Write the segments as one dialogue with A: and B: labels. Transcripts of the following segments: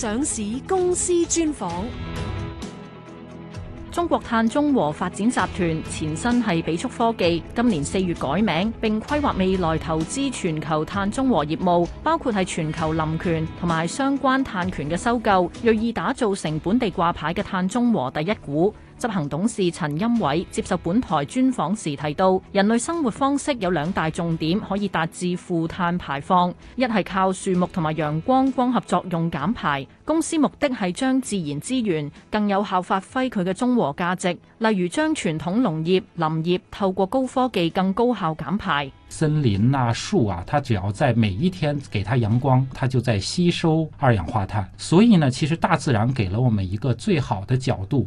A: 上市公司專訪：中國碳中和發展集團前身係比速科技，今年四月改名，並規劃未來投資全球碳中和業務，包括係全球林權同埋相關碳權嘅收購，銳意打造成本地掛牌嘅碳中和第一股。執行董事陳歆瑋接受本台專訪時提到，人類生活方式有兩大重點可以達至負碳排放，一係靠樹木同埋陽光光合作用減排。公司目的係將自然資源更有效發揮佢嘅綜合價值，例如將傳統農業、林業透過高科技更高效減排。
B: 森林啊，樹啊，它只要在每一天給它陽光，它就在吸收二氧化碳。所以呢，其實大自然給了我們一個最好的角度。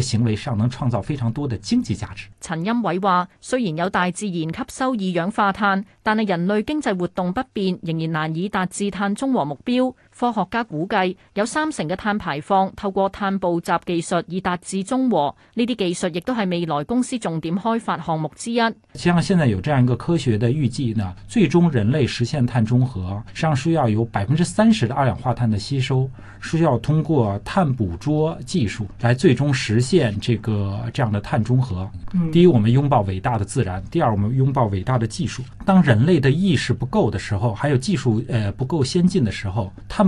B: 嘅行為上能創造非常多的經濟價值。
A: 陳歆瑋話：雖然有大自然吸收二氧化碳，但係人類經濟活動不變，仍然難以達至碳中和目標。科學家估計有三成嘅碳排放透過碳捕集技術以達至中和，呢啲技術亦都係未來公司重點開發項目之一。
B: 像現在有這樣一個科學的預計呢，最終人類實現碳中和，實際上需要有百分之三十的二氧化碳的吸收，需要通過碳捕捉技術來最終實現這個這樣的碳中和。嗯、第一，我們擁抱偉大的自然；第二，我們擁抱偉大的技術。當人類的意識不夠的時候，還有技術呃不夠先進的時候，碳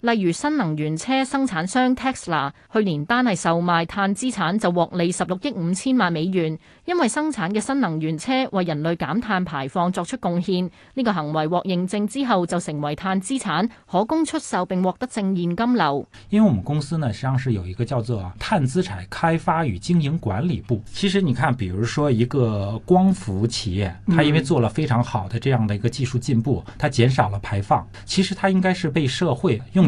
A: 例如新能源車生產商 Tesla 去年單係售賣碳資產就獲利十六億五千萬美元，因為生產嘅新能源車為人類減碳排放作出貢獻，呢個行為獲認證之後就成為碳資產，可供出售並獲得正現金流。
B: 因為我們公司呢，實際上是有一個叫做碳資產開發與經營管理部。其實你看，比如說一個光伏企業，它因為做了非常好的這樣的一個技術進步，它減少了排放，其實它應該是被社會用。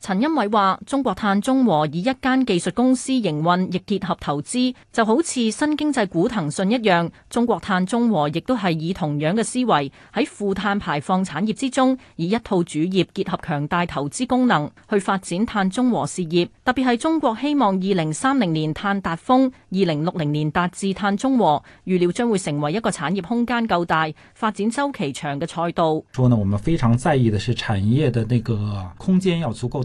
A: 陳歆瑋話：中國碳中和以一間技術公司營運，亦結合投資，就好似新經濟股騰訊一樣。中國碳中和亦都係以同樣嘅思維喺負碳排放產業之中，以一套主業結合強大投資功能去發展碳中和事業。特別係中國希望二零三零年碳達峰，二零六零年達至碳中和，預料將會成為一個產業空間夠大、發展周期長嘅賽道。說
B: 呢，我們非常在意嘅是產業嘅那個空間要足夠。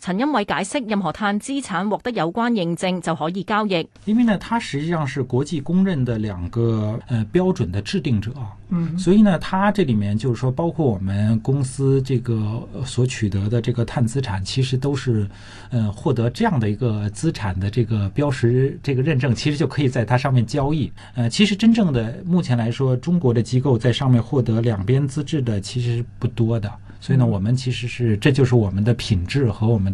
A: 陳歆瑋解釋，任何碳資產獲得有關認證就可以交易。
B: 因為呢，它實際上是國際公認的兩個呃標準的制定者，嗯，所以呢，它這裏面就是說，包括我們公司這個所取得的這個碳資產，其實都是，呃獲得這樣的一個資產的這個標識、這個認證，其實就可以在它上面交易。呃，其實真正的目前來說，中國的機構在上面獲得兩邊資質的其實不多的，所以呢，我們其實是，嗯、這就是我們的品質和我們。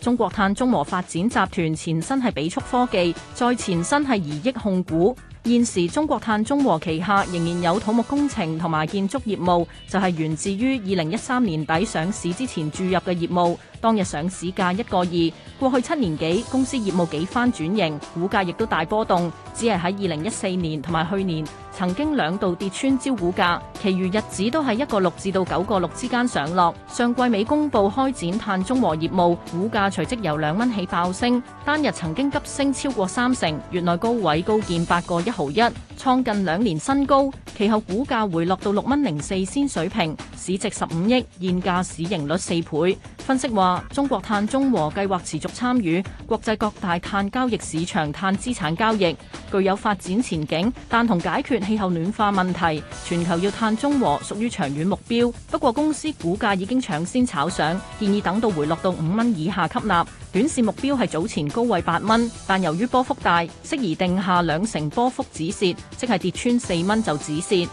A: 中國碳中和發展集團前身係比速科技，再前身係宜益控股。現時中國碳中和旗下仍然有土木工程同埋建築業務，就係源自於二零一三年底上市之前注入嘅業務。當日上市價一個二，過去七年幾公司業務幾番轉型，股價亦都大波動，只係喺二零一四年同埋去年曾經兩度跌穿招股價，其餘日子都係一個六至到九個六之間上落。上季尾公布開展碳中和業務，股價隨即由兩蚊起爆升，單日曾經急升超過三成，月內高位高見八個一毫一，創近兩年新高。其後股價回落到六蚊零四先水平，市值十五億，現價市盈率四倍。分析話。中國碳中和計劃持續參與國際各大碳交易市場，碳資產交易具有發展前景，但同解決氣候暖化問題，全球要碳中和屬於長遠目標。不過公司股價已經搶先炒上，建議等到回落到五蚊以下吸納。短線目標係早前高位八蚊，但由於波幅大，適宜定下兩成波幅止蝕，即係跌穿四蚊就止蝕。